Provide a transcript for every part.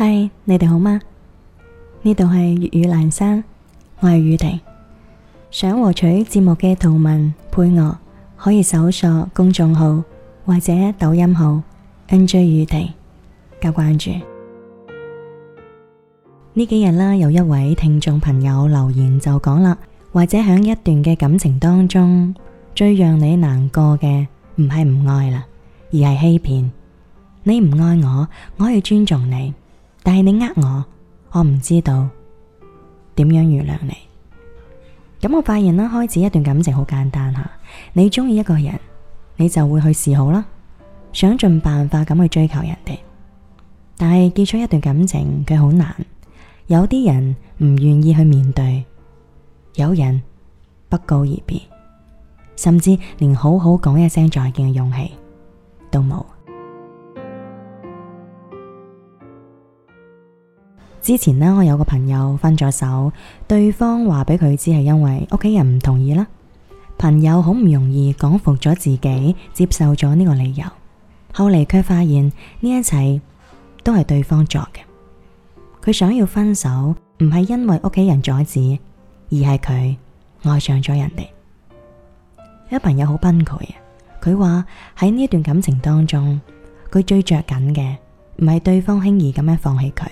嗨，Hi, 你哋好嗎？呢度係粵語蘭生，我係宇婷。想獲取節目嘅圖文配樂，可以搜索公眾號或者抖音號 N J 宇婷加關注。呢幾日啦，有一位聽眾朋友留言就講啦，或者喺一段嘅感情當中，最讓你難過嘅唔係唔愛啦，而係欺騙。你唔愛我，我可以尊重你。但係你呃我，我唔知道點樣原諒你。咁我發現啦，開始一段感情好簡單吓，你中意一個人，你就會去示好啦，想盡辦法咁去追求人哋。但係結束一段感情佢好難，有啲人唔願意去面對，有人不告而別，甚至連好好講一聲再見嘅勇氣都冇。之前呢，我有個朋友分咗手，對方話俾佢知係因為屋企人唔同意啦。朋友好唔容易講服咗自己接受咗呢個理由，後嚟卻發現呢一切都係對方作嘅。佢想要分手唔係因為屋企人阻止，而係佢愛上咗人哋。有朋友好崩潰啊！佢話喺呢段感情當中，佢最着緊嘅唔係對方輕易咁樣放棄佢。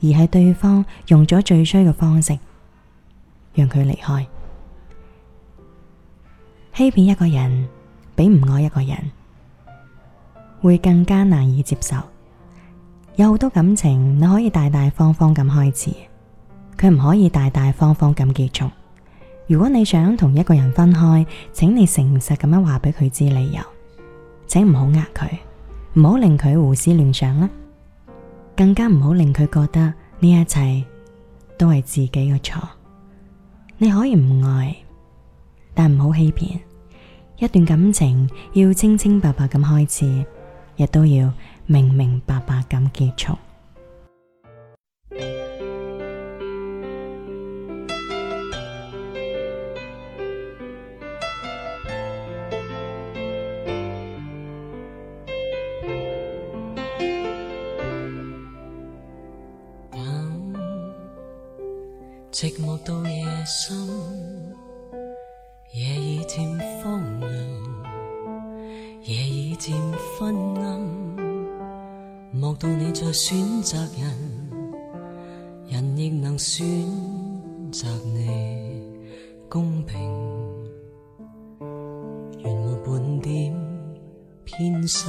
而係對方用咗最衰嘅方式，讓佢離開。欺騙一個人，比唔愛一個人，會更加難以接受。有好多感情你可以大大方方咁開始，佢唔可以大大方方咁結束。如果你想同一個人分開，請你誠實咁樣話俾佢知理由，請唔好呃佢，唔好令佢胡思亂想啦。更加唔好令佢覺得呢一切都係自己嘅錯。你可以唔愛，但唔好欺騙。一段感情要清清白白咁開始，亦都要明明白白咁結束。寂寞到夜深，夜已漸荒涼，夜已漸昏暗，莫道你在選擇人，人亦能選擇你，公平，原沒半點偏心。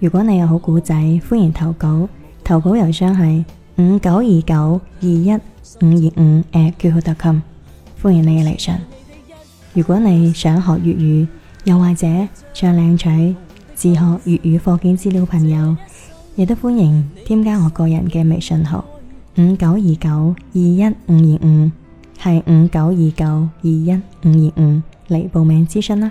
如果你有好故仔，歡迎投稿，投稿郵箱係五九二九二一五二五@括號特 m 歡迎你嘅嚟信。如果你想學粵語，又或者想領取自學粵語課件資料，朋友亦都歡迎添加我個人嘅微信號五九二九二一五二五，係五九二九二一五二五嚟報名諮詢啦。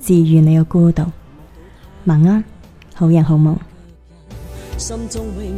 治愈你嘅孤獨，晚安，啊，好人好夢。心中永